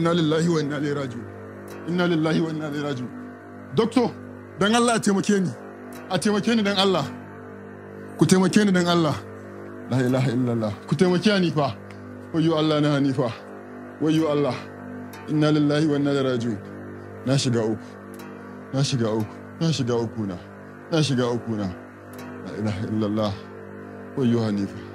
inna lillahi wa inna ilaihi raji'un inna lillahi wa inna ilaihi raji'un doctor dan Allah a taimake ni a taimake ni dan Allah ku taimake ni dan Allah la ilaha illallah ku taimake ni fa wayo Allah na hanifa wayo Allah inna lillahi wa inna ilaihi raji'un na shiga uku na shiga uku na shiga uku na na shiga uku na la ilaha illallah wayo hanifa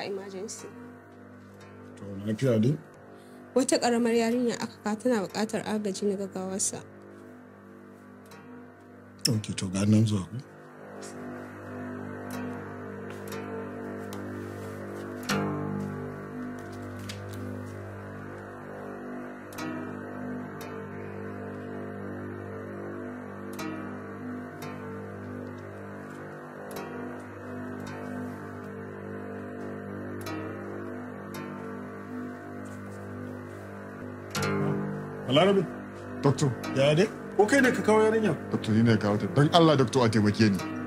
a emergency to lafiya dai wata karamar yarinya aka ka tana buƙatar agaji na gaggawarsa ok to ga nan zuwa ku Balarabe. Doctor. Ya dai? Ko kai ne ka kawo yarinya? Doctor ni ne ka kawo ta. Don Allah doctor a taimake ni.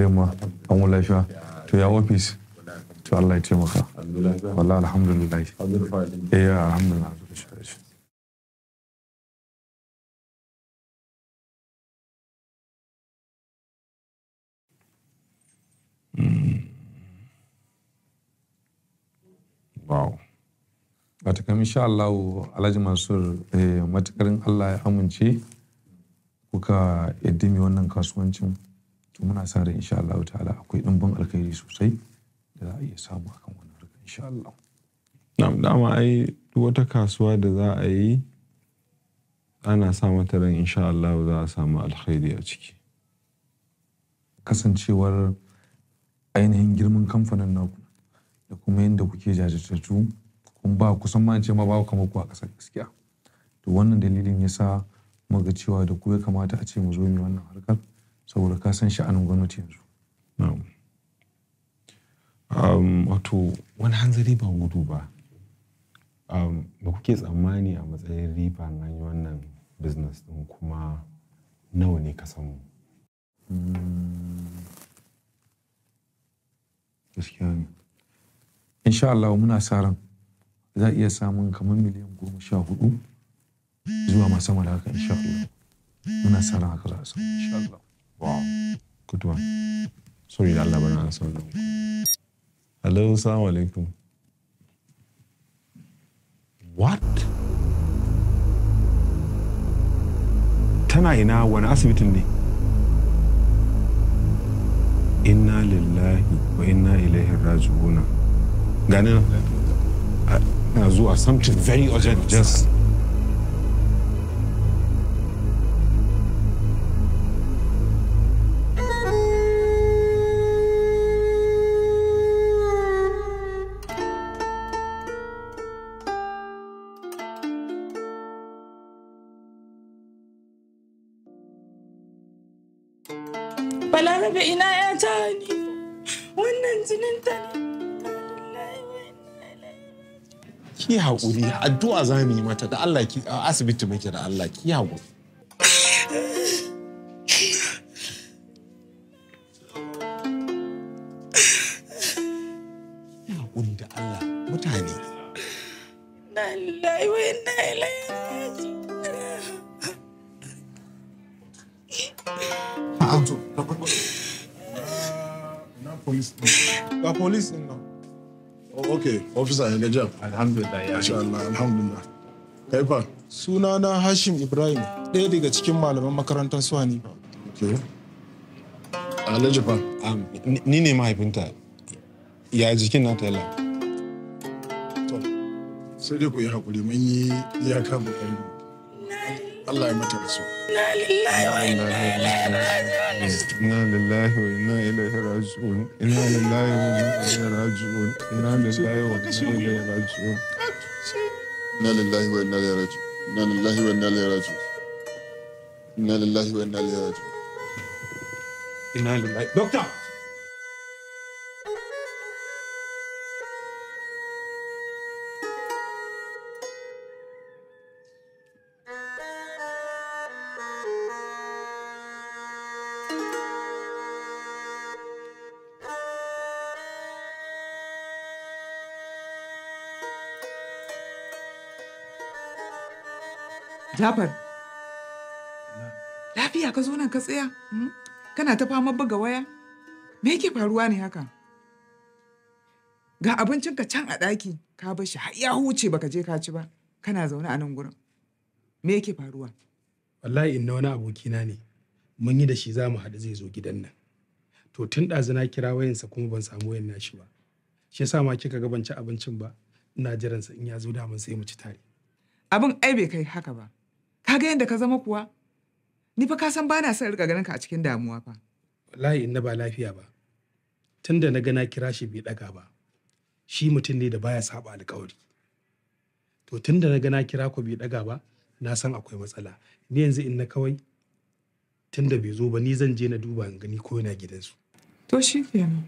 yaren ma an wula lafiya to ya ofis to Allah ya taimaka wallahi alhamdulillah eh ya alhamdulillah Wow. Wata kam insha Allah Alhaji Mansur eh, matakarin Allah ya amince kuka idimi wannan kasuwancin muna sa ran insha Allah ta'ala akwai ɗumbin alkhairi sosai da za a iya samu akan wannan harka insha Allah na'am dama ai wata kasuwa da za a yi ana sa mata ran insha Allah za a samu alkhairi a ciki kasancewar ainihin girman kamfanin naku da kuma yadda kuke jajirtattu kun ba kusan ma ce ma ba kamar ku a ƙasar gaskiya to wannan dalilin ya yasa muka cewa da ku ya kamata a ce mu zo mu wannan harkar saboda ka san sha'anin gwamnati yanzu wato wani hanzari ba gudu ba ba kuke tsammani a matsayin riba na yi wannan business din kuma nawa ne ka samu gaskiya ne insha Allah muna sa ran za a iya samun kamar miliyan goma sha hudu zuwa ma sama da haka insha Allah muna sa ran haka za a samu insha Allah Wow. Good one. Sorry I'll never answer. son Hello, assalamu alaikum. What? Tana ina wani asibitin ne? Inna lillahi wa inna ilaihi raji'una. Gani na zuwa something very urgent just haƙuri addu'a za mu yi mata da Allah ki asibiti muke da Allah ki sa ya gajar. Alhamdulillah ya Allah, alhamdulillah. Hashim Ibrahim, ɗaya daga cikin malaman makarantar su Hanifa. Alhaji fa? Ni ne mahaifinta. Ya jikin na tela. To, sai dai ku yi haƙuri mun yi iyaka mu Allah ya mata rasu. Inna lillahi wa inna ilaihi raji'un. Inna lillahi wa inna ilaihi raji'un. Inna lillahi wa inna ilaihi raji'un. Inna lillahi wa inna ilaihi raji'un. Inna lillahi wa inna ilaihi raji'un. Inna lillahi wa inna ilaihi raji'un. Inna lillahi. Doctor. Jafar. Lafiya ka zo nan ka tsaya? Hmm? Kana ta fama buga waya? Me yake faruwa ne haka? Ga abincinka can a ɗaki ka bar shi har ya huce baka je ka ci ba. Kana zaune a nan gurin. Me yake faruwa? Wallahi inna wani abokina ne. Mun yi da shi za mu haɗu zai zo gidan nan. To tun ɗazuna kira wayansa kuma ban samu wayan nashi ba. Shi yasa ma kika ga ban ci abincin ba. Ina jiransa in ya zo da mun sai mu ci tare. Abin ai bai kai haka ba. Ka ga yadda ka zama kuwa? Ni fa ka san ba na son rika ganin ka a cikin damuwa fa. Wallahi in ba lafiya ba. Tunda na gana kira shi bai ɗaga ba. Shi mutum ne da baya saba alƙawari. To tunda na gana kira ku bai ɗaga ba, na san akwai matsala. Ni yanzu in na kawai tunda bai zo ba ni zan je na duba in gani ko yana gidansu. To shi kenan.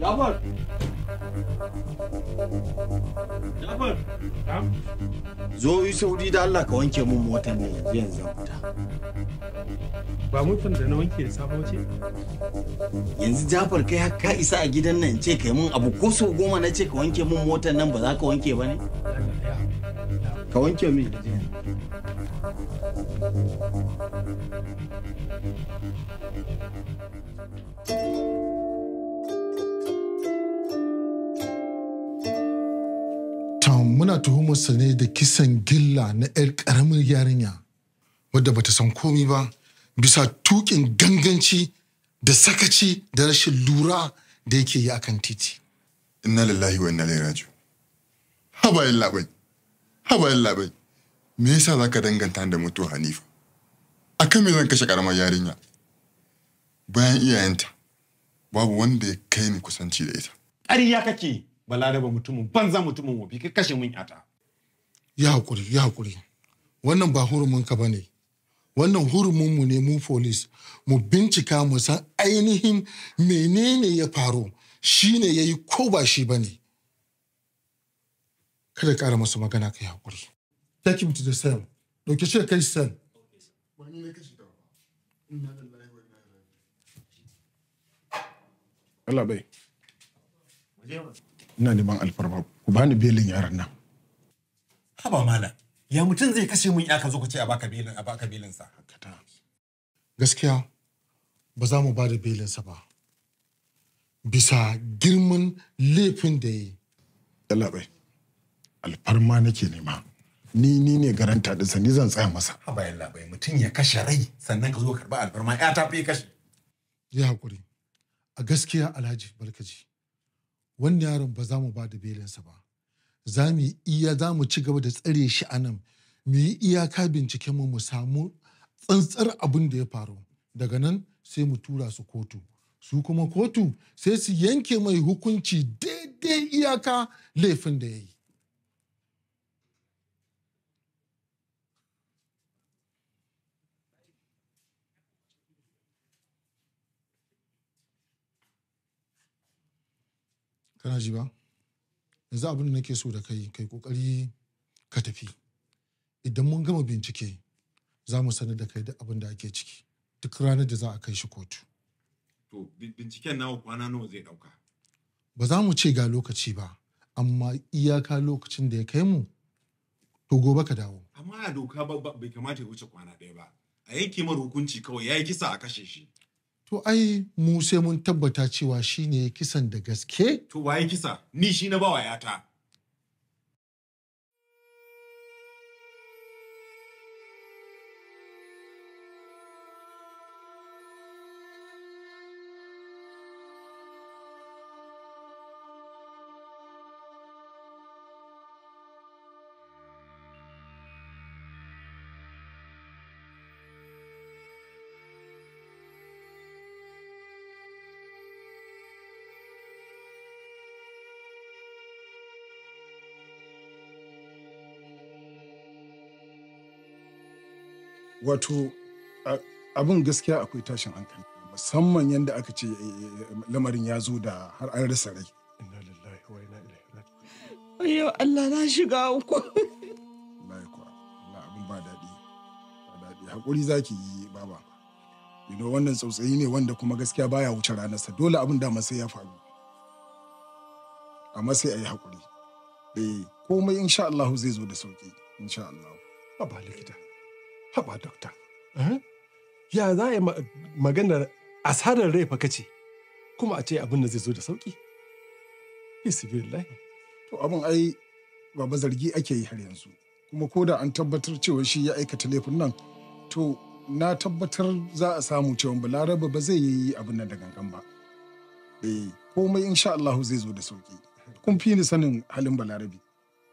Yapar. Yapar. Zo Isa wuri da Allah ka wanke mun motar nan yanzu yanzu. ba motar da na wanke safa yanzu jafar kai ka isa a gidan nan ce kai mun abu ko sau goma na ce ka wanke mun motar nan ba za ka wanke ba ne ka wanke min muna tuhumarsa ne da kisan gilla na 'yar ƙaramin yarinya wadda bata san komi ba bisa tukin ganganci da sakaci da rashin lura da yake yi akan titi. Inna lillahi wa inna ilaihi raji'un. yin labai. haba yin labai. Me yasa ka danganta da mutuwa Hanifa? kan me zan kashe karamar yarinya? Bayan iyayenta babu wanda ya kai ni kusanci da ita. Ƙarya kake balaraba mutumin banza mutumin wofi ka kashe mun yata. Ya haƙuri, ya haƙuri. Wannan ba hurumin ka ne. wannan hurumin mu ne mu police mu bincika mu san ainihin menene ya faru shi ne ya yi ko ba shi ba ne kada ƙara masa magana ka yi haƙuri take him to the cell ɗauke shi kai cell Allah bai ina neman alfarma ku bani belin yaran nan haba malam ya mutum zai kashe mun ya ka zo ku ce a baka belin a baka belin sa gaskiya ba za mu ba da belin sa ba bisa girman laifin da yi labai alfarma nake nema ni ni ne garanta sa ni zan tsaya masa a bayan labai mutum ya kashe rai sannan ka zo karba alfarma ya ta fi kashe ya hakuri a gaskiya alhaji barkaji wannan yaron ba za mu ba da belinsa ba za mu iya za mu ci gaba da tsare shi a nan mu yi iyaka binciken mu mu samu tsantsar abin da ya faru daga nan sai mu tura su kotu su kuma kotu sai su yanke mai hukunci daidai iyaka laifin da ya yi kana ji ba yanzu abin da nake so da kai kai kokari ka tafi idan mun gama bincike za mu sanar da kai duk abin da ake ciki duk ranar da za a kai shi kotu to binciken nawa kwana nawa zai dauka ba za mu ce ga lokaci ba amma iyaka lokacin da ya kai mu to gobe ka dawo amma doka bai kamata ya wuce kwana ɗaya ba a yanke mara hukunci kawai ya yi kisa a kashe shi To ai mu sai mun tabbata cewa shi ne kisan da gaske. To waye kisa? Ni shi na bawa yata. wato abin gaskiya akwai tashin hankali musamman yadda aka ce eh, lamarin ya zo da har an rasa rai Allah na shiga uku Allah ya Allah abin ba daɗi ba daɗi za zaki yi baba you wannan tsautsayi ne wanda kuma gaskiya baya wuce ranarsa dole abin da sai ya faru amma sai a yi haƙuri eh komai insha Allah zai zo da sauki insha Allah ba likita Haba dokta. Eh? Ya za a yi maganar asarar rai fa ce kuma a ce abin da zai zo da sauki. Bismillah. To abin ai baba zargi ake yi har yanzu. Kuma ko da an tabbatar cewa shi ya aikata laifin nan to na tabbatar za a samu cewa balaraba ba zai yi abin nan da gangan ba. Eh komai insha Allahu zai zo da sauki. Kun fi ni sanin halin balarabi.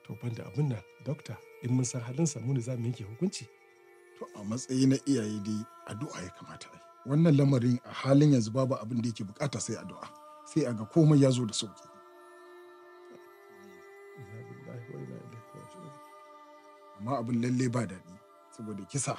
To banda abin nan dokta in mun san halin mu ne za mu yanke hukunci. to a matsayi na iyaye dai addu'a ya kamata wannan lamarin a halin yanzu babu abin da yake bukata sai addu'a sai a ga komai ya zo da sauki amma abin lalle ba daɗi saboda kisa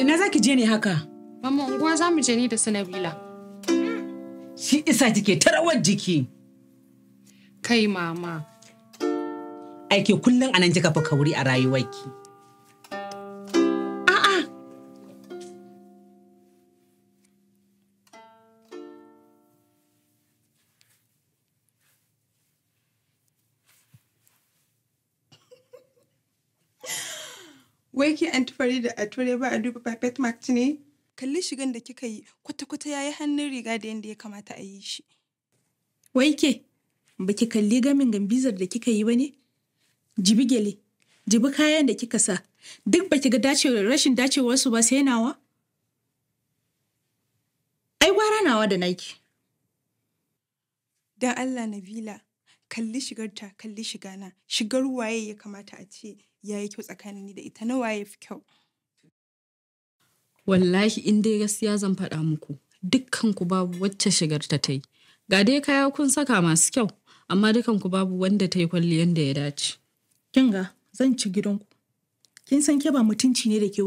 ina za ki je ne haka? Mama unguwa za mu je ni da su Nabila. Shi isa kike ta rawar jiki. Kai mama. Aike kullum anan kika fi kauri a rayuwarki. da a ture ba a duba ba pet mark ne? Kalli shigan da kika yi kwata-kwata ya yi hannun riga da yadda ya kamata a yi shi. Wai ke, ba ki kalli gamin gambizar da kika yi ba ne? Jibi gele, jibi kayan da kika sa, duk ba ki ga dacewar rashin dacewar su ba sai nawa? Ai gwara nawa da naki. Don Allah Nabila, kalli shigarta kalli shigana shigar waye ya kamata a ce ya yi kyau tsakanin ni da ita na waye fi kyau wallahi in dai gaskiya zan faɗa muku dukkan ku babu wacce shigarta ta yi ga dai kaya kun saka masu kyau amma dukkan ku babu wanda ta yi kwalli da ya dace kin ga zan ci gidanku kin san ke ba mutunci ne da ke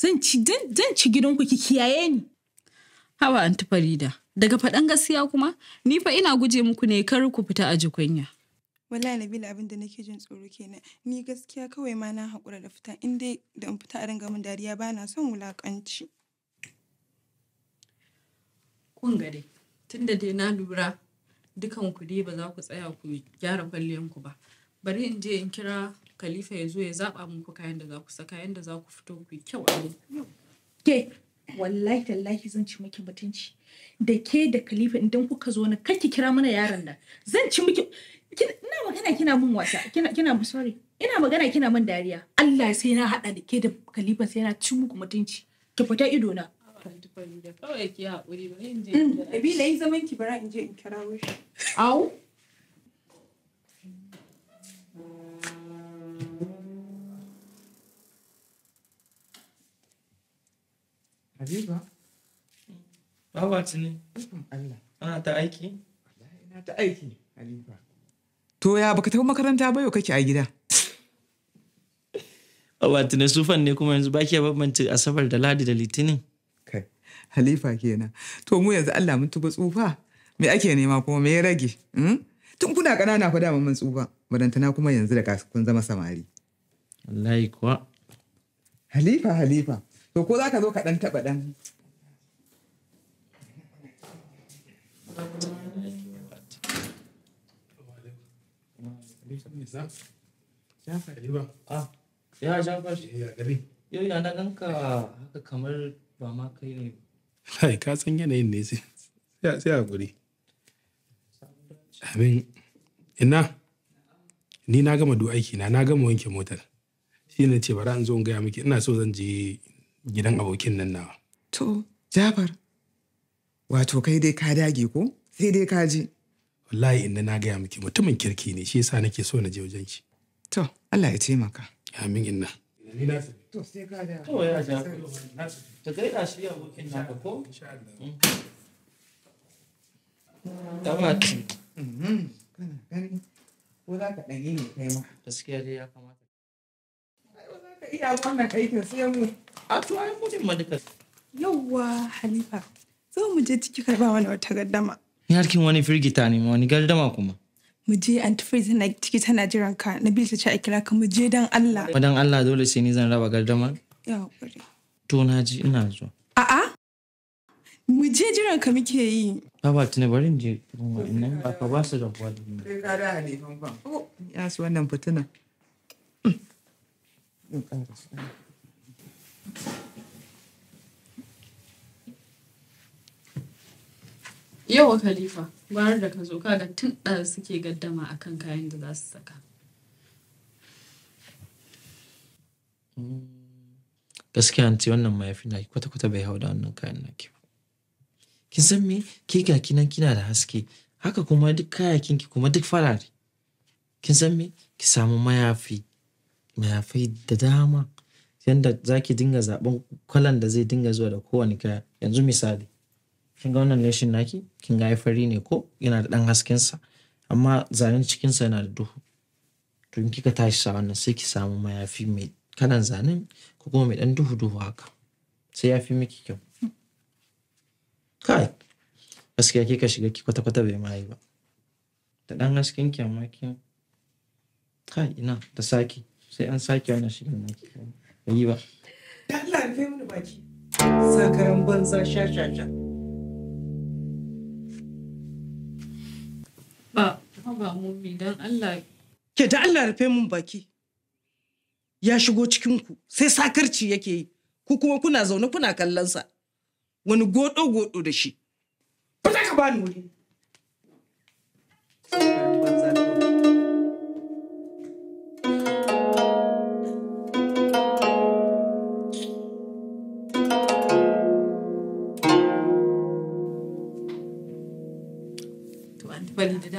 zan ci zan ci gidanku ki kiyaye ni hawa anti farida daga faɗan gaskiya kuma ni fa ina guje muku ne kar ku fita a jikunya. wallahi nabila abin da nake jin tsoro kenan ni gaskiya kawai ma na haƙura da fita in dai da in fita a ringa min dariya ba na son wulaƙanci. kun ga dai tunda dai na lura dukan ku dai ba za ku tsaya ku gyara kwalliyan ku ba bari in je in kira khalifa ya zo ya zaɓa muku kayan da za ku saka yanda za ku fito ku kyau a ke wallahi tallahi zan ci miki mutunci da ke da khalifa idan kuka zo na kake kira mana yaron nan zan ci miki ina magana kina mun wasa kina kina sorry ina magana kina mun dariya Allah sai na hada da ke da khalifa sai na ci muku mutunci ki fita ido na kawai ki haƙuri ba in je mm. Abila yi zaman ki bara in je in kira shi au Habiba ci ne. Allah. Ana ta aiki? Ina ta aiki, Halifa. To ya baka tafi makaranta ba yau kake a gida? ci ne sufan ne kuma yanzu baki bambanta Asabar da Ladi da Litinin. Kai, Halifa kenan. To mu yanzu Allah mun tuba tsufa. Me ake nema kuma me ya rage? Hmm? Tun kuna ƙanana fa dama mun tsufa. Barantana kuma yanzu da kun zama samari. Wallahi kuwa. Halifa, Halifa. To ko za ka zo ka ɗan taɓa ɗan Ya Jafar. Yau ya na ganka haka kamar ba ma kai ne. kai ka san yanayin ne sai a guri. Abin ina ni na gama duk aiki na na gama wanke motar. Shi ne ce bari an zo in gaya miki ina so zan je gidan abokin nan nawa. To, jabar Wato kai dai ka dage ko? Sai dai ka ji. Wallahi inda na gaya miki mutumin kirki ne shi yasa nake so na je wajen shi. To, Allah ya taimaka. Amin inna. To sai ka da. To ya ja. Ta gaida shi abokin naka ko? Insha Allah. Tabati. Mm. Mm-hmm. Kana gani. Ko za ka ɗan yi ne kai ma. Gaskiya dai ya kamata. ai ka Iya wannan ta sai mu. A to ai mutum ma duka. Yawwa Halifa. zo mu je ciki karba mana wata gardama ni harkin wani firgita ne wani gardama kuma mu je anti na tana ciki tana jiran ka na ta ce a kira ka mu je dan Allah dan Allah dole sai ni zan raba gardama. ya hakuri to na ji ina zuwa a'a mu je jiran ka muke yi ba tuna bari in je kuma ba ka ba su da kwali Sai ka da halifan fa ya su wannan fitina Thank you. Yau Khalifa, gwara da ka zo kaga tun da suke gaddama akan kayan da za su saka. Gaskiya ce wannan mayafi na kwata-kwata bai hau da wannan kayan naki. Ki san me ke ga nan kina da haske haka kuma duk kayakin ki kuma duk farare. Kin san me ki samu mayafi mayafi da dama yanda za ki dinga zaɓen kwalan da zai dinga zuwa da kowane kaya yanzu misali kin ga wannan leshin naki kin ga fari ne ko yana da dan hasken sa amma zanen cikin sa yana da duhu to in kika tashi sa wannan sai ki samu mayafi mai kanan zanen ko kuma mai dan duhu duhu haka sai ya fi miki kyau kai gaskiya kika shiga ki kwata kwata bai mai ba da dan hasken ki amma kin kai ina da saki sai an saki wannan shirin naki bai yi ba Allah ya fi mini baki sakaran banza sha sha sha ba mummi don Allah. Ke da Allah rufe mun baki. Ya shigo cikinku sai sakarci yake yi, ku kuma kuna zaune kuna kallonsa. Wani godo-godo da shi. Ba ka bani wuri.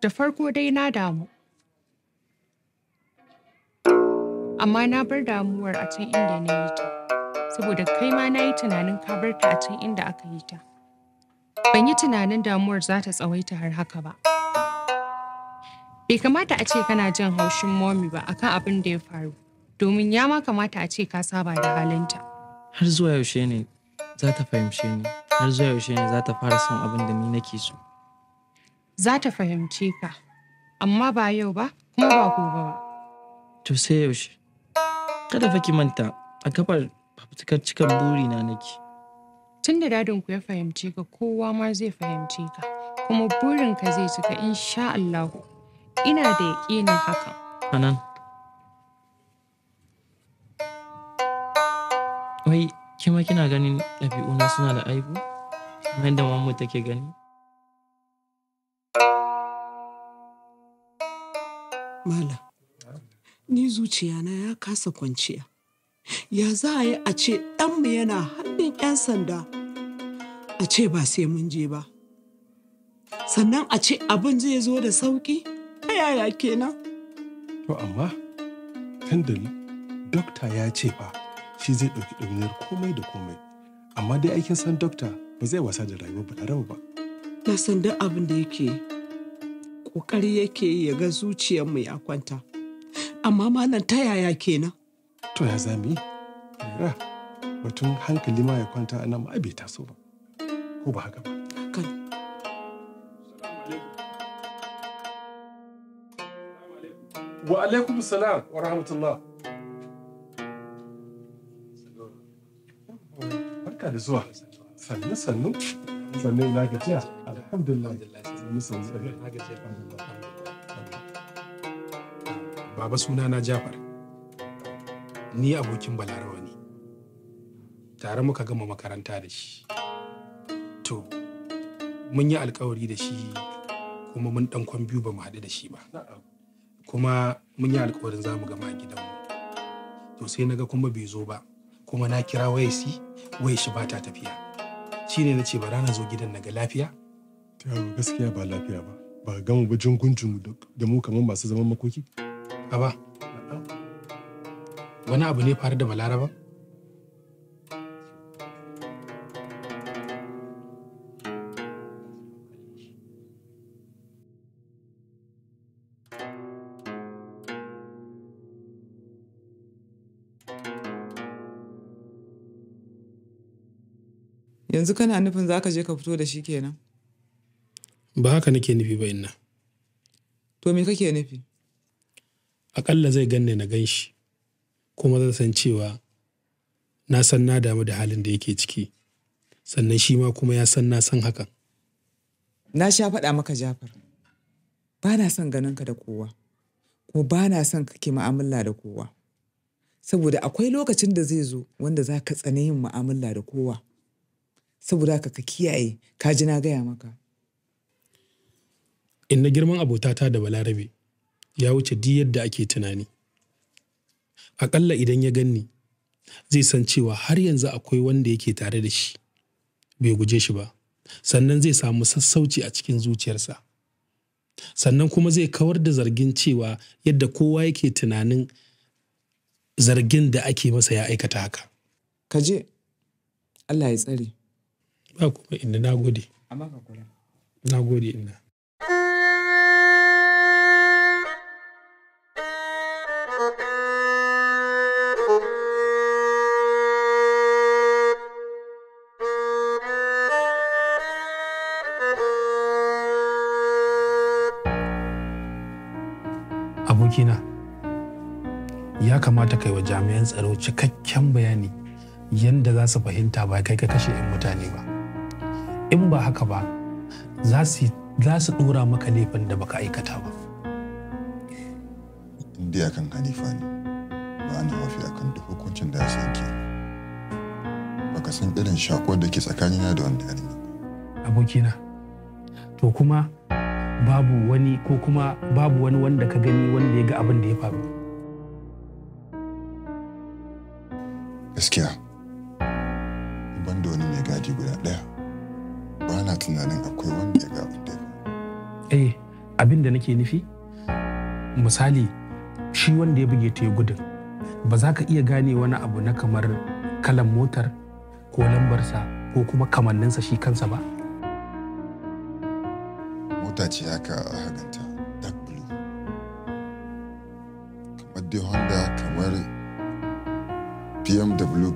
Da farko dai na damu. Amma na bar damuwar a can inda na yi ta, saboda kai ma na yi tunanin ka bar ta a can inda aka yi ta. Ban yi tunanin damuwar za ta tsawaita har haka ba. Bai kamata a ce kana jin haushin momi ba akan abin da ya faru, domin ya ma kamata a ce ka saba da halinta. Har zuwa yaushe ne za ta fahimce ni, har zuwa yaushe ne za ta fara son abin da ni nake so. za ta fahimce ka amma ba yau ba kuma ba gobe ba. To sai yaushe. Kada fa ki manta a kafar fafutukar cikan buri na nake. Tun da dadinku ya fahimce ka kowa ma zai fahimce ka kuma burin ka zai cika insha Allah. Ina da yaƙinin hakan. Anan. Wai kima kina ganin ɗabi'una suna da aibu? Kamar yadda mamu take gani? Mala, ni zuciya na ya kasa kwanciya. Ya za a yi a ce ɗanmu yana hannun 'yan sanda a ce ba sai mun je ba. Sannan a ce abin zai zo da sauƙi? a yaya kenan? To amma, Kandali, dokta ya ce ba shi zai ɗauki ɗauniyar komai da komai. Amma dai aikin san dokta ba zai wasa da rayuwar raba ba. Na san duk abin da yake yi. ƙoƙari yake yi ya ga zuciyarmu ya kwanta. Amma malam ta yaya kenan? To ya zami, Rira, batun hankali ma ya kwanta a nan ma ta so ba. Ko ba haka ba? Kan. Wa alaikum salam wa rahmatullah. Barka da zuwa. Sannu sannu. baba suna na jafar ni abokin balarawa ne tare muka gama makaranta da shi to mun yi alkawari da shi kuma mun dan kwan biyu ba mu haɗu da shi ba kuma mun yi alkawarin za mu gama a gidanmu to sai na ga kuma bai zo ba kuma na kira wayesi wayar shi ba ta tafiya shi ne na ce ba rana zo gidan na ga lafiya yaro gaskiya ba lafiya ba ba gama ba jungunjun da mu kamar masu zaman makoki aba wani abu ne fara da balaraba Yanzu kana nufin za ka je ka fito da shi kenan? Ba haka nake nufi ba inna. To me kake nufi? Aƙalla zai ganne na gan shi, kuma zan san cewa na san na damu da halin da yake ciki, sannan shi ma kuma ya san na san hakan. Na sha faɗa maka Jafar, ba na son ganinka da kowa, kuma ba na son kake ma'amulla da kowa. Saboda akwai lokacin da zai zo wanda za ka tsane yin mu'amala da kowa. saboda haka ka kiyaye ka ji na gaya maka in na girman abotata da balarabe ya wuce di yadda ake tunani aƙalla idan ya ganni zai san cewa har yanzu akwai wanda yake tare da shi bai guje shi ba sannan zai samu sassauci a cikin zuciyarsa sannan kuma zai kawar da zargin cewa yadda kowa yake tunanin zargin da ake masa ya aikata haka kaje allah ya tsare ba kuma inda na gode na gode inda abokina ya kamata kai wa jami'an tsaro cikakken bayani yadda za su fahimta ba kai ka kashe 'yan mutane ba in ba haka ba za su dora maka laifin da baka aikata ba inda kan hanifa ne ba ni hafi akan duk hukuncin da ya ba baka san irin shakuwar da ke tsakanina da wanda yarinya abokina to kuma babu wani ko kuma babu wani wanda ka gani wanda ya ga abin da ya faru gaskiya nake nufi misali shi wanda ya buge ta ya gudun ba za ka iya gane wani abu na kamar kalan motar ko lambarsa ko kuma kamanninsa shi kansa ba mota ce haka a haganta dark blue kamar dai honda kamar pmw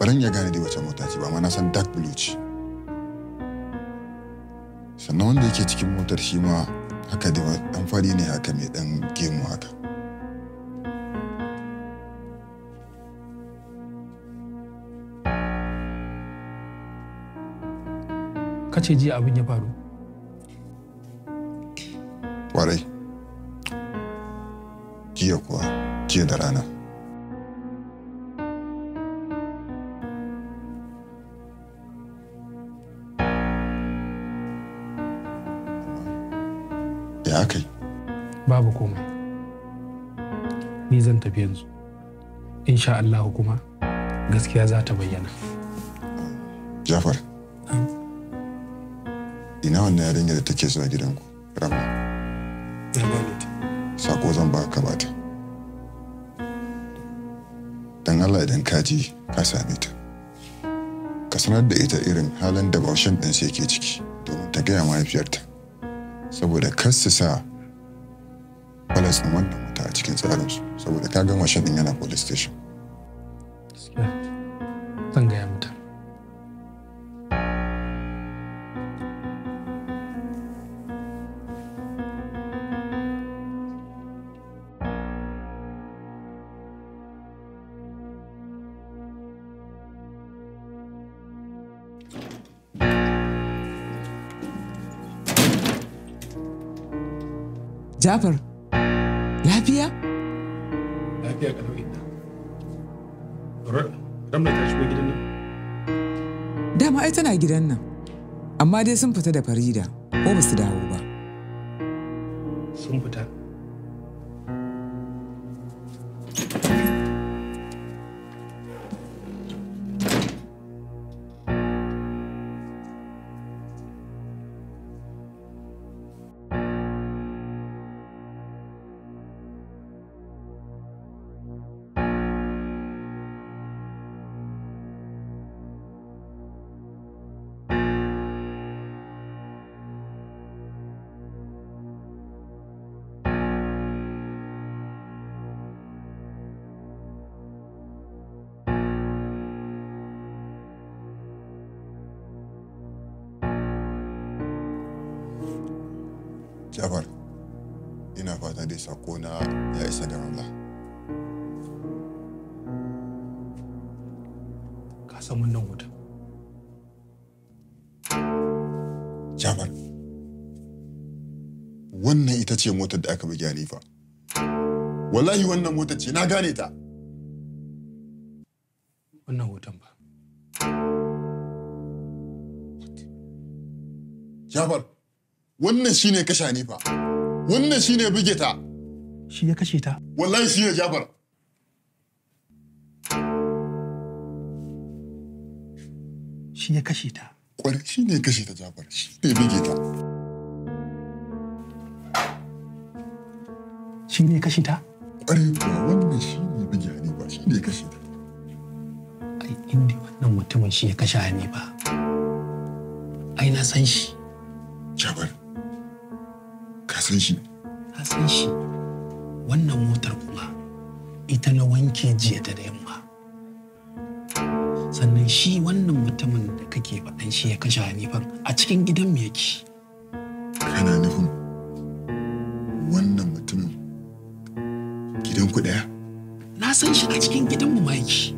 baran ya gane dai wace mota ce ba amma na san dark blue ce sannan wanda yake cikin motar shi ma haka dai dan fari ne haka mai dan gemu haka kace jiya abin ya faru kwarai jiya kuwa jiya da rana tafi yanzu insha Allah kuma gaskiya za ta bayyana Jafar ina wannan yarinya da take zuwa gidanku sa sako zan ba ka bata dan Allah idan ka ji ka same ta ka sanar da ita irin halin da baushin sai ke ciki domin ta gaya mahaifiyarta saboda kar su sa balas wannan ta a cikin tsarinsu saboda ka ga mashin din yana police station amma dai sun fita da farida ko ba su dawo ba Jafar, ina fata dai sakona ya isa da Allah. Ka san wannan wuta. Jafar, wannan ita ce motar da aka bugi Hanifa. Wallahi wannan motar ce, na gane ta. wannan shine kashe ni fa wannan shine buge ta shi ya kashe ta wallahi shine Jafar shi ya kashe ta kwarai shine ya kashe ta Jafar ne buge ta shi ya kashe ta kwarai kuwa wannan shine buge ni ba shine ya kashe ta ai inda wannan mutumin shi ya kashe ni ba ai na san shi Jafar san shi ka san shi wannan motar kuma ita na wanke jiya ta da yamma sannan shi wannan mutumin da kake faɗan shi ya kashe hanifan a cikin gidan mu yake kana nufin wannan mutumin gidan ku ɗaya na san shi a cikin gidan mu ma yake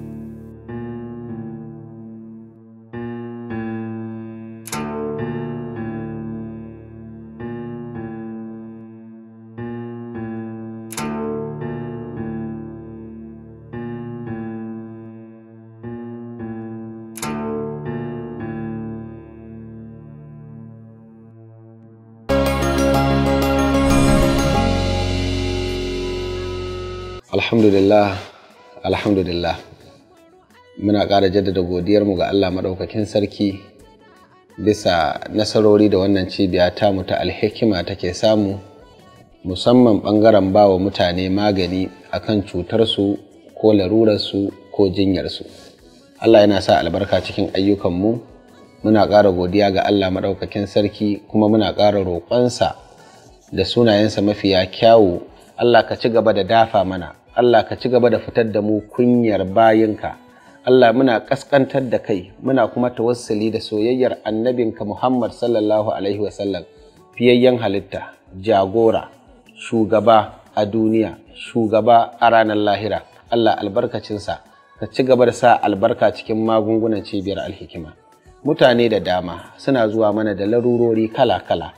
alhamdulillah muna ƙara jaddada godiyarmu ga Allah maɗaukakin sarki bisa nasarori da wannan cibiya ta ta alhikima take samu musamman ɓangaren ba wa mutane magani akan cutarsu ko larurarsu ko jinyarsu Allah yana sa albarka cikin ayyukanmu muna ƙara godiya ga Allah maɗaukakin sarki kuma muna ƙara roƙonsa da sunayensa mafiya kyawu Allah ka ci gaba da dafa mana Allah ka ci gaba da fitar da mu kunyar bayinka Allah muna ƙasƙantar da kai muna kuma tawassali da soyayyar annabinka Muhammad sallallahu alaihi wasallam fiyayyen halitta jagora shugaba a duniya shugaba a ranar lahira Allah albarkacinsa ka ci gaba da sa albarka cikin magungunan cibiyar alhikima mutane da dama suna zuwa mana da larurori kala-kala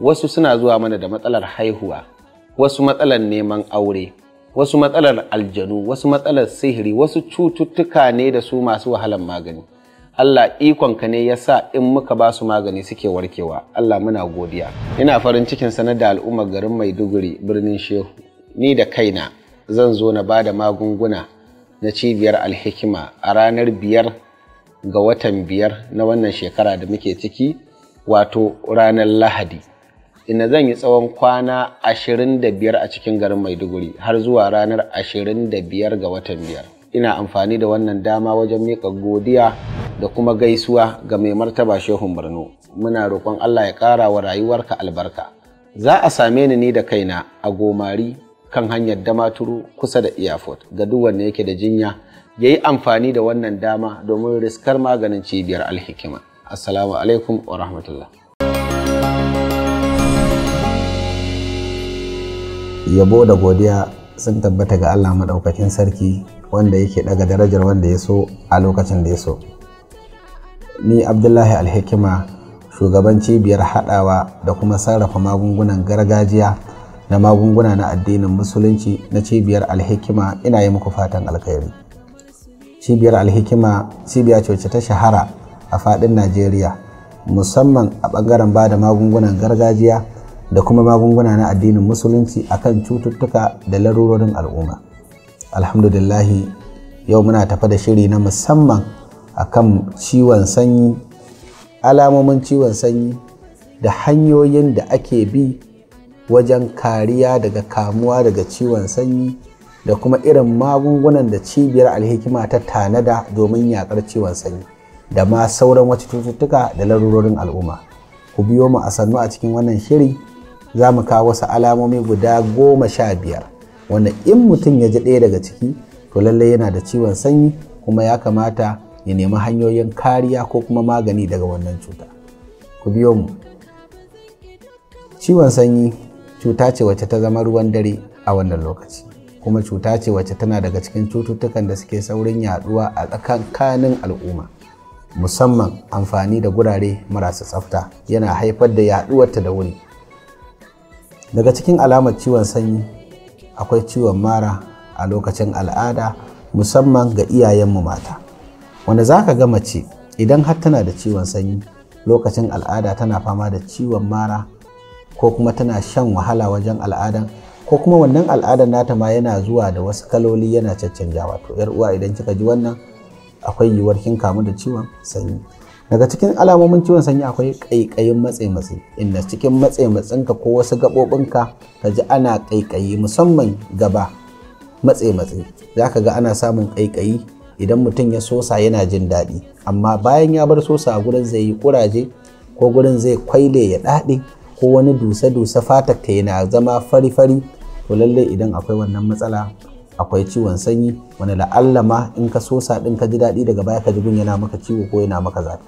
wasu suna zuwa mana da matsalar haihuwa wasu matsalar neman aure wasu matsalar aljanu wasu matsalar sihiri wasu cututtuka ne da su masu wahalan magani Allah ikonka ne ya sa in muka ba su magani suke warkewa Allah muna godiya ina farin cikin sanar da al'ummar garin Maiduguri birnin Shehu ni da kaina zan zo na ba da magunguna na cibiyar alhikima a ranar biyar ga watan biyar na wannan shekara da muke ciki wato ranar lahadi ina zan yi tsawon kwana 25 a cikin garin Maiduguri har zuwa ranar 25 ga watan biyar. Ina amfani da wannan dama wajen miƙa godiya da kuma gaisuwa ga mai martaba Shehun Borno. Muna roƙon Allah ya ƙara wa rayuwarka albarka. Za a same ni ne da kaina a Gomari kan hanyar Damaturu kusa da Iyafot ga duk wanda yake da jinya ya yi amfani da wannan dama domin riskar maganin cibiyar alhikima. Assalamu alaikum wa rahmatullah. yabo da godiya sun tabbata ga Allah maɗaukakin sarki wanda yake daga darajar wanda ya so a lokacin da ya so. Ni Abdullahi Alhikima shugaban cibiyar haɗawa da kuma sarrafa magungunan gargajiya na magunguna na addinin musulunci na cibiyar alhikima ina yi muku fatan alkhairi. Cibiyar alhikima cibiya ce ta shahara a faɗin Najeriya musamman a ɓangaren ba da magungunan gargajiya. da kuma magunguna na addinin musulunci a kan cututtuka da larurorin al'umma alhamdulillah yau muna tafa da shiri na musamman akan ciwon sanyi alamomin ciwon sanyi da hanyoyin da ake bi wajen kariya daga kamuwa daga ciwon sanyi da kuma irin magungunan da cibiyar alhikima ta tanada domin yakar ciwon sanyi da ma sauran wacce cututtuka da larurorin al'umma ku biyo mu a sannu a cikin wannan shiri za mu kawo wasu alamomi guda goma sha biyar wanda in mutum ya ji ɗaya daga ciki to lallai yana da ciwon sanyi kuma ya kamata ya nemi hanyoyin kariya ko kuma magani daga wannan cuta ku biyo mu ciwon sanyi cuta ce wacce ta zama ruwan dare a wannan lokaci kuma cuta ce wacce tana daga cikin cututtukan da suke saurin yaduwa a tsakanin al'umma musamman amfani da gurare marasa tsafta yana haifar da yaduwarta da wuri daga cikin alamar ciwon sanyi akwai ciwon mara a lokacin al'ada musamman ga iyayenmu mata wanda za ka ga mace idan har tana da ciwon sanyi lokacin al'ada tana fama da ciwon mara ko kuma tana shan wahala wajen al'adan ko kuma wannan al'adan nata ma yana zuwa da wasu kaloli yana caccanja to yar uwa idan kika ji wannan akwai yiwuwar kin kamu da ciwon sanyi daga cikin alamomin ciwon sanyi akwai ƙaiƙayin matse matsi inda cikin matse matsinka ko wasu gaɓoɓinka ka ji ana ƙaiƙayi musamman gaba matse matsi za ka ga ana samun ƙaiƙayi idan mutum ya sosa yana jin daɗi amma bayan ya bar sosa gurin zai yi ƙuraje ko gurin zai kwaile ya daɗe ko wani dusa-dusa fatakta yana zama fari-fari to lallai idan akwai wannan matsala akwai ciwon sanyi wani la'allama in ka sosa ɗin ka ji daɗi daga baya ka ji gun yana maka ciwo ko yana maka zafi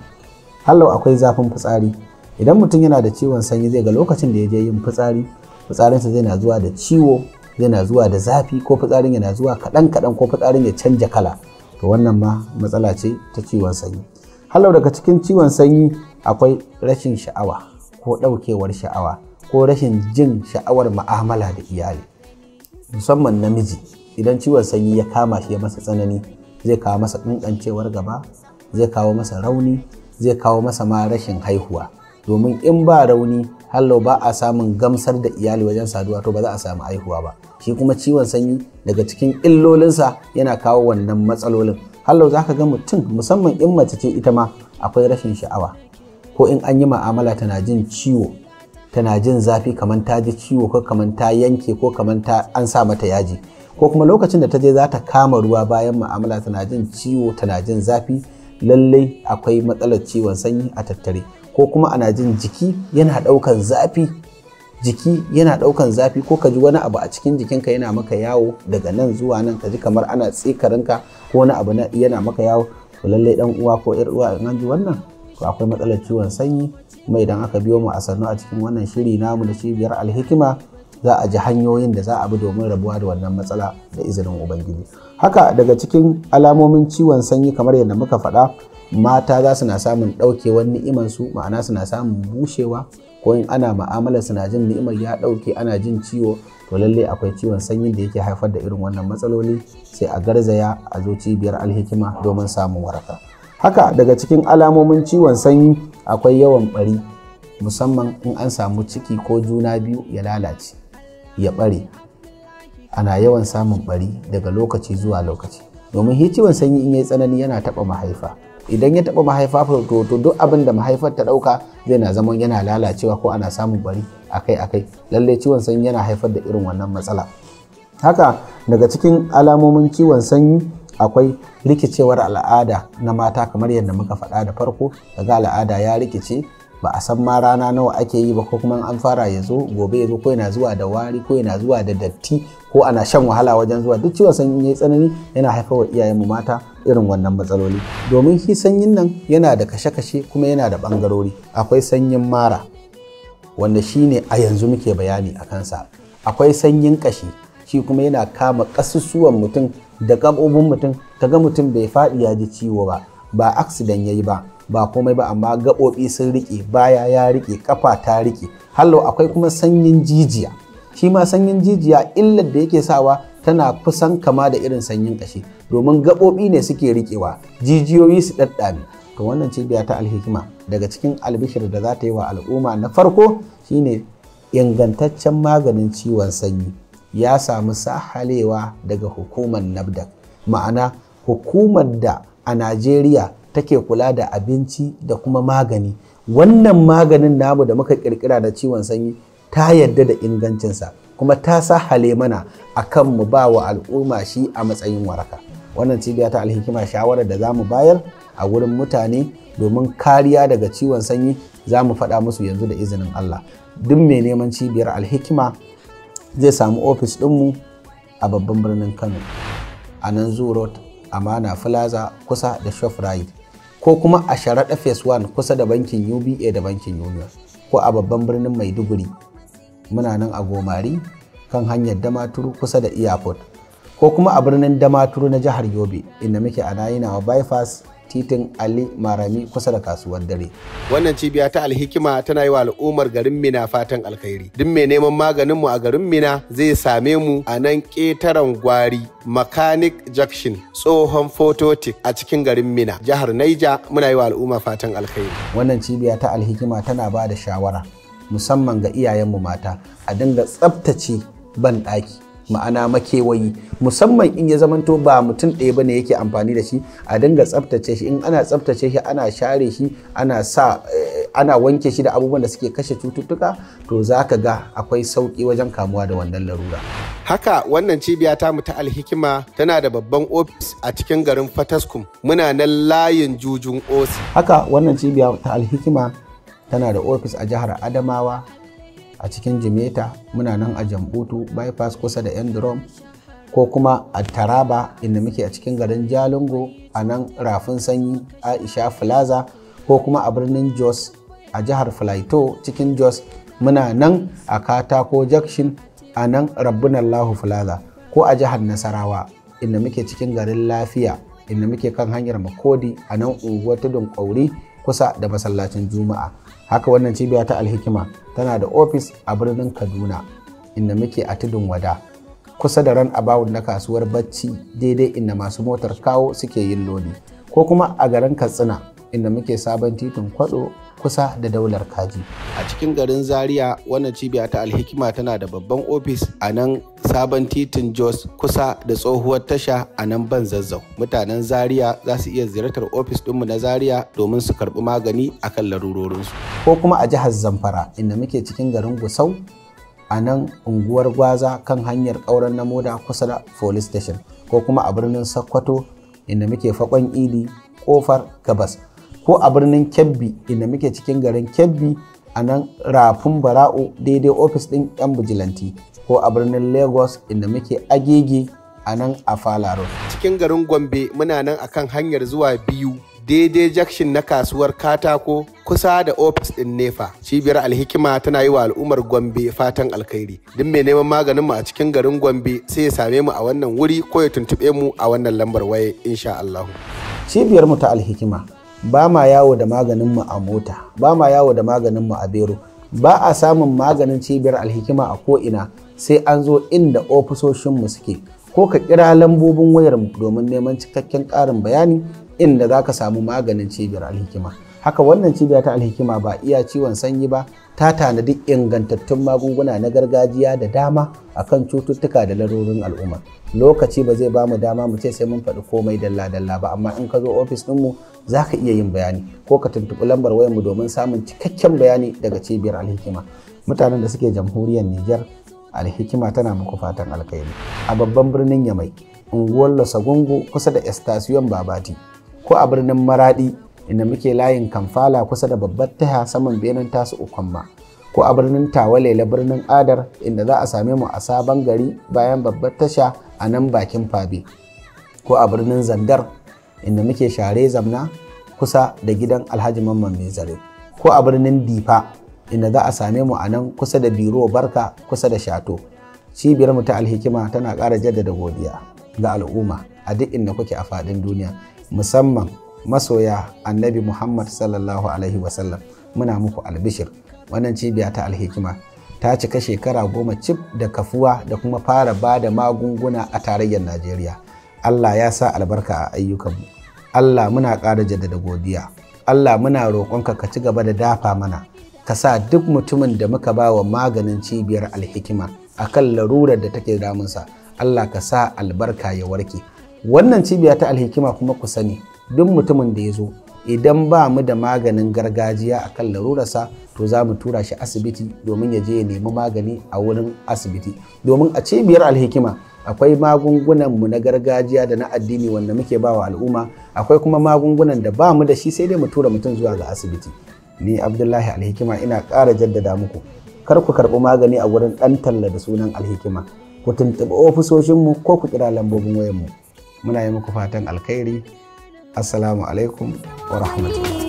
hallau akwai zafin fitsari idan mutum yana da ciwon sanyi zai ga lokacin da ya je yin fitsari fitsarinsa zai na zuwa da ciwo zai na zuwa da zafi ko fitsarin yana zuwa kaɗan kaɗan ko fitsarin ya canja kala to wannan ma matsala ce ta ciwon sanyi hallau daga cikin ciwon sanyi akwai rashin sha'awa ko ɗaukewar sha'awa ko rashin jin sha'awar ma'amala da iyali musamman namiji idan ciwon sanyi ya kama shi ya masa tsanani zai kawo masa ƙanƙancewar gaba zai kawo masa rauni zai kawo masa ma rashin haihuwa domin in ba rauni hallau ba a samun gamsar da iyali wajen saduwa to ba za a samu haihuwa ba shi kuma ciwon sanyi daga cikin illolinsa yana kawo wannan matsalolin hallau za ka ga mutum musamman in mace ce ita ma akwai rashin sha'awa ko in an yi ma'amala tana jin ciwo tana jin zafi kamar ta ji ciwo ko kamar ta yanke ko kamar ta an sa mata yaji ko kuma lokacin da ta je za ta kama ruwa bayan ma'amala tana jin ciwo tana jin zafi lallai akwai matsalar ciwon sanyi a tattare ko kuma ana jin jiki yana ɗaukan zafi jiki yana ɗaukan zafi ko ka ji wani abu a cikin jikinka yana maka yawo daga nan zuwa nan ka ji kamar ana tsikarinka ko wani abu yana maka yawo to lallai ɗan uwa ko yar uwa in an ji wannan to akwai matsalar ciwon sanyi kuma idan aka biyo mu a sannu a cikin wannan shiri namu da cibiyar alhikima za a ji hanyoyin da za a bi domin rabuwa da wannan matsala da izinin ubangiji haka daga cikin alamomin ciwon sanyi kamar yadda muka faɗa mata za su na samun ɗaukewar su ma'ana suna samun bushewa ko in ana ma'amala suna jin ni'imar ya ɗauke ana jin ciwo to lalle akwai ciwon sanyi da yake haifar da irin wannan matsaloli sai a garzaya a zo cibiyar alhikima domin samun waraka haka daga cikin alamomin ciwon sanyi akwai yawan ɓari musamman in an samu ciki ko juna biyu ya lalace ya ɓare ana yawan samun ɓari daga lokaci zuwa lokaci domin ciwon sanyi in yayi tsanani yana taɓa mahaifa idan ya taɓa mahaifa to to duk abin da mahaifar ta ɗauka zai na zama yana lalacewa ko ana samun bari akai akai lallai ciwon sanyi yana haifar da irin wannan matsala haka daga cikin alamomin ciwon sanyi akwai rikicewar al'ada na mata kamar yadda muka faɗa da farko daga al'ada ya rikice ba a san ma rana nawa ake yi ba ko kuma an fara ya zo gobe ya zo ko yana zuwa da wari ko yana zuwa da datti ko ana shan wahala wajen zuwa duk ciwon sanyi ya tsanani yana haifar wa iyayenmu mata irin wannan matsaloli domin shi sanyin nan yana da kashe-kashe kuma yana da bangarori akwai sanyin mara wanda shi ne a yanzu muke bayani a kansa akwai sanyin kashi shi kuma yana kama ƙasusuwan mutum da gaɓoɓin mutum kaga mutum bai faɗi ya ji ciwo ba ba aksidan ya yi ba ba komai ba amma gaɓoɓi sun riƙe baya ya riƙe kafa ta riƙe hallo akwai kuma sanyin jijiya shi ma sanyin jijiya illar da yake sawa tana kusan kama da irin sanyin ƙashi domin gaɓoɓi ne suke riƙewa jijiyoyi su ɗaɗɗame to wannan cibiya ta alhikima daga cikin albishir da za ta yi wa al'umma na farko shine ingantaccen maganin ciwon sanyi ya samu sahalewa daga hukumar nabda, ma'ana hukumar da a najeriya take kula da abinci da kuma magani wannan maganin namu da muka kirkira da ciwon sanyi ta yadda da ingancinsa kuma ta sahale mana a kan mu ba wa al'umma shi a matsayin waraka wannan cibiya ta alhikima shawarar da za mu bayar a wurin mutane domin kariya daga ciwon sanyi za mu faɗa musu yanzu da izinin Allah duk mai neman cibiyar alhikima zai samu ofis ɗinmu a babban birnin Kano a nan zoo road amana plaza kusa da shoprite ko kuma a sharaɗa phase 1 kusa da bankin uba da bankin union ko a babban birnin maiduguri muna nan a gomari kan hanyar damaturu kusa da airport ko kuma a birnin damaturu na jihar yobe inda muke a nayinawa bypass titin ali marami kusa da kasuwar dare wannan cibiya ta alhikima tana yi wa al'ummar garin mina fatan alkhairi duk mai neman maganin mu a garin mina zai same mu a nan ƙetaren gwari mechanic junction tsohon fototik a cikin garin mina jihar naija muna yi wa al'umma fatan alkhairi wannan cibiya ta alhikima tana ba da shawara musamman ga iyayenmu mata a dinga tsaftace ban ɗaki ma'ana makewayi musamman in ya zamanto ba mutum ɗaya ne yake amfani da shi a dinga tsaftace shi in ana tsaftace shi ana share shi ana sa eh, ana wanke shi da abubuwan da suke kashe cututtuka to za ka ga akwai sauƙi wajen kamuwa da wannan larura. Haka wannan cibiya ta mu ta alhikima tana da babban ofis a cikin garin Fataskum muna nan layin jujun osi. Haka wannan cibiya ta alhikima tana da ofis a jihar Adamawa a cikin jimeta muna nan a jambutu bypass kusa da yan ko kuma a taraba inda muke a cikin garin jalingo a nan rafin sanyi aisha plaza ko kuma a birnin jos a jihar filaito cikin jos muna nan a katako jakshin a nan allahu plaza ko a jihar nasarawa inda muke cikin garin lafiya inda muke kan hanyar makodi a nan unguwar tudun ƙauri kusa da masallacin juma'a haka wannan cibiya ta alhikima tana da ofis a birnin kaduna inda muke a tudun wada kusa da ran about na kasuwar bacci daidai inda masu motar kawo suke yin lodi ko kuma a garin katsina inda muke sabon titin kwado kusa da daular kaji. A cikin garin Zaria wannan cibiya ta alhikima tana da babban ofis a nan sabon titin Jos kusa da tsohuwar tasha a nan ban zazzau. Mutanen Zaria za su iya ziyartar ofis ɗinmu na Zaria domin su karɓi magani a kan larurorinsu. Ko kuma a jihar Zamfara inda muke cikin garin Gusau a nan unguwar Gwaza kan hanyar ƙauren na moda kusa da police station ko kuma a birnin Sokoto inda muke fakon idi ƙofar gabas. ko a birnin kebbi inda muke cikin garin kebbi a nan rafin bara'u daidai ofis ɗin 'yan bijilanti ko a birnin lagos inda muke agege a nan a falaro cikin garin gombe muna nan akan hanyar zuwa biyu daidai jakshin na kasuwar katako kusa da ofis ɗin nefa cibiyar alhikima tana yi wa al'ummar gombe fatan alkhairi duk mai neman maganin mu a cikin garin gombe sai ya same mu a wannan wuri ko ya tuntuɓe mu a wannan lambar waye insha allahu cibiyar mu ta alhikima ba ma yawo da maganinmu a mota ba ma yawo da maganinmu a bero ba a samun maganin cibiyar alhikima a ko'ina sai an zo inda ofisoshinmu suke ko ka kira lambobin wayarmu domin neman cikakken ƙarin bayani inda za ka samu maganin cibiyar alhikima haka wannan cibiya ta alhikima ba iya ciwon sanyi ba ta tanadi ingantattun magunguna na gargajiya da dama akan cututtuka da larurin al'umma lokaci ba zai ba mu dama mu ce sai mun faɗi komai dalla-dalla ba amma in ka zo ofis ɗinmu za ka iya yin bayani ko ka tuntuɓi lambar mu domin samun cikakken bayani daga cibiyar alhikima mutanen da suke jamhuriyar Nijar alhikima tana muku fatan alkhairi a babban birnin Yamai unguwar Lasagungu kusa da Estasiyon Babati ko a birnin Maradi inda muke layin Kamfala kusa da babbar taha saman benin tasu Ukwamma ko a birnin tawale Tawalela birnin Adar inda za a same mu a sabon gari bayan babbar tasha a nan bakin Fabe ko a birnin Zandar inda muke share zamna kusa da gidan alhaji mamman mai zare ko a birnin difa inda za a same mu a nan kusa da biro barka kusa da shato cibiyar mu ta alhikima tana ƙara jaddada godiya ga al'umma a duk inda kuke a faɗin duniya musamman masoya annabi muhammad sallallahu alaihi wasallam muna muku albishir wannan cibiya ta alhikima ta cika shekara goma cif da kafuwa da kuma fara ba da magunguna a tarayyar najeriya Allah ya sa albarka a ayyukanmu Allah muna ƙara jaddada godiya Allah muna roƙonka ka ci gaba da dafa mana ka sa duk mutumin da muka ba wa maganin cibiyar alhikima a kan larurar da take damunsa Allah ka sa albarka ya warke wannan cibiya ta alhikima kuma ku sani duk mutumin da ya zo idan ba mu da maganin gargajiya a kan larurarsa to za mu tura shi asibiti domin ya je ya nemi magani a wurin asibiti domin a cibiyar alhikima akwai magungunan mu na gargajiya da na addini wanda muke ba wa al'umma akwai kuma magungunan da ba mu da shi sai dai mu tura mutum zuwa ga asibiti ni abdullahi alhikima ina ƙara jaddada muku kar ku karɓi magani a wurin ɗan talla da sunan alhikima ku tuntuɓi ofisoshinmu ko ku kira lambobin wayanmu muna yi muku fatan alkhairi assalamu alaikum wa rahmatullahi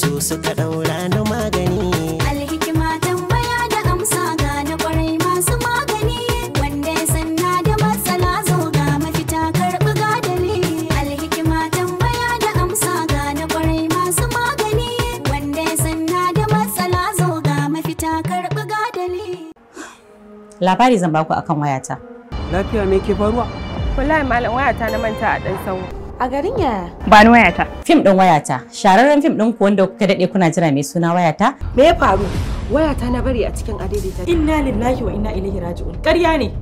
su suka ɗaura na magani alhikima tambaya da amsa ga na ƙwarai masu magani wanda ya sanna da matsala zo ga mafita karɓi gadali alhikima tambaya da amsa ga na ƙwarai masu magani wanda ya sanna da matsala zo ga mafita karɓi gadali labari zan baku akan wayata lafiya me ke faruwa wallahi malam wayata na manta a ɗan sanwa A garin ya? Ba ni wayata. Fim ɗin wayata. Shararren fim ɗin ku wanda kuka daɗe kuna jira mai suna wayata. Me ya faru? Wayata na bari a cikin adaidaita. Inna lillahi wa inna ilaihi raji'un. Ƙarya ne.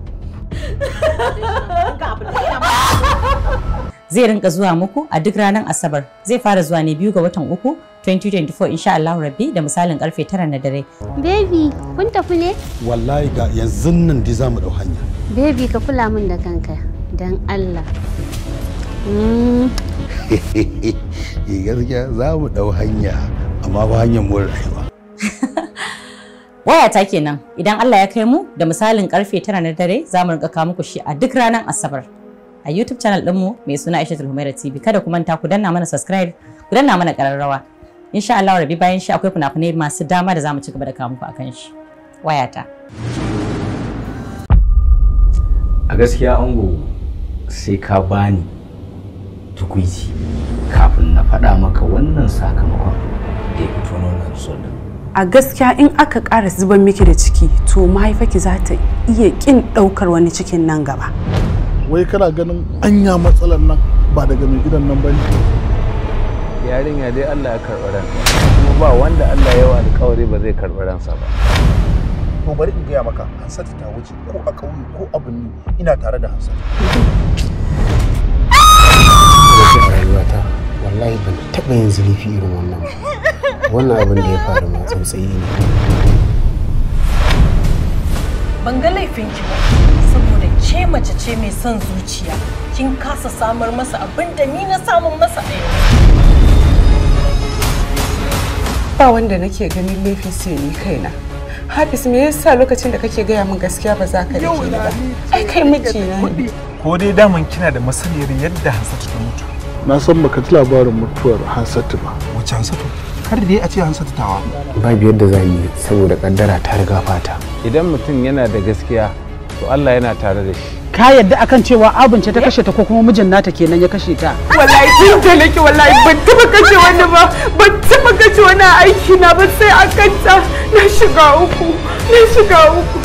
Zai rinka zuwa muku a duk ranar Asabar. Zai fara zuwa ne biyu ga watan uku 2024 insha Allah rabbi da misalin karfe 9 na dare. Baby, kun tafi ne? Wallahi ga yanzu nan dai za mu dau hanya. Baby ka kula min da kanka dan Allah. Mm. Eh, gaskiya za mu ɗau hanya amma ba hanyar rayuwa wayata kenan idan Allah ya kai mu da misalin karfe tara na dare za mu rinka kawo muku shi a duk ranar asabar a YouTube channel ɗinmu mai suna Aisha Tulhumaira TV kada ku manta ku danna mana subscribe ku danna mana ƙararrawa insha Allah rabi bayan shi akwai fina masu dama da za mu ci gaba da kawo muku akan shi wayata a gaskiya ango sai ka bani tukuici kafin na faɗa maka wannan sakamakon da ya fito nan sunan a gaskiya in aka ƙara zuban miki da ciki to mahaifaki za ta iya ƙin ɗaukar wani cikin nan gaba wai kana ganin anya matsalar nan ba daga mai gidan nan bane ya dai Allah ya karɓi ranka kuma ba wanda Allah ya yi alƙawari ba zai karɓi ransa ba to bari in gaya maka Hansatu ta wuce ko a ƙauye ko a ina tare da Hansatu wallahi ban taɓa yin zurfi irin wannan wannan abin da ya faru ma tsautsayi ne ban ga laifinki ba saboda ke mace ce mai son zuciya kin kasa samar masa abin da ni na samun masa a ba wanda nake ganin laifin sai ni kaina Hafiz me yasa lokacin da kake gaya min gaskiya ba za ka da ba? Ai kai miji ne. Ko dai daman kina da masaniyar yadda Hansatu ta mutu. na san baka ji labarin mutuwar hansatu ba wacce hansatu har da a ce hansatu tawa biyar yadda za yi saboda kaddara ta riga fata idan mutum yana da gaskiya to Allah yana tare da shi ka yadda akan cewa abinci ta kashe ta ko kuma mijin nata kenan ya kashe ta wallahi tun da nake wallahi ban taba kashe wani ba ban taba kashe wani aiki na ba sai akan ta na shiga uku na shiga uku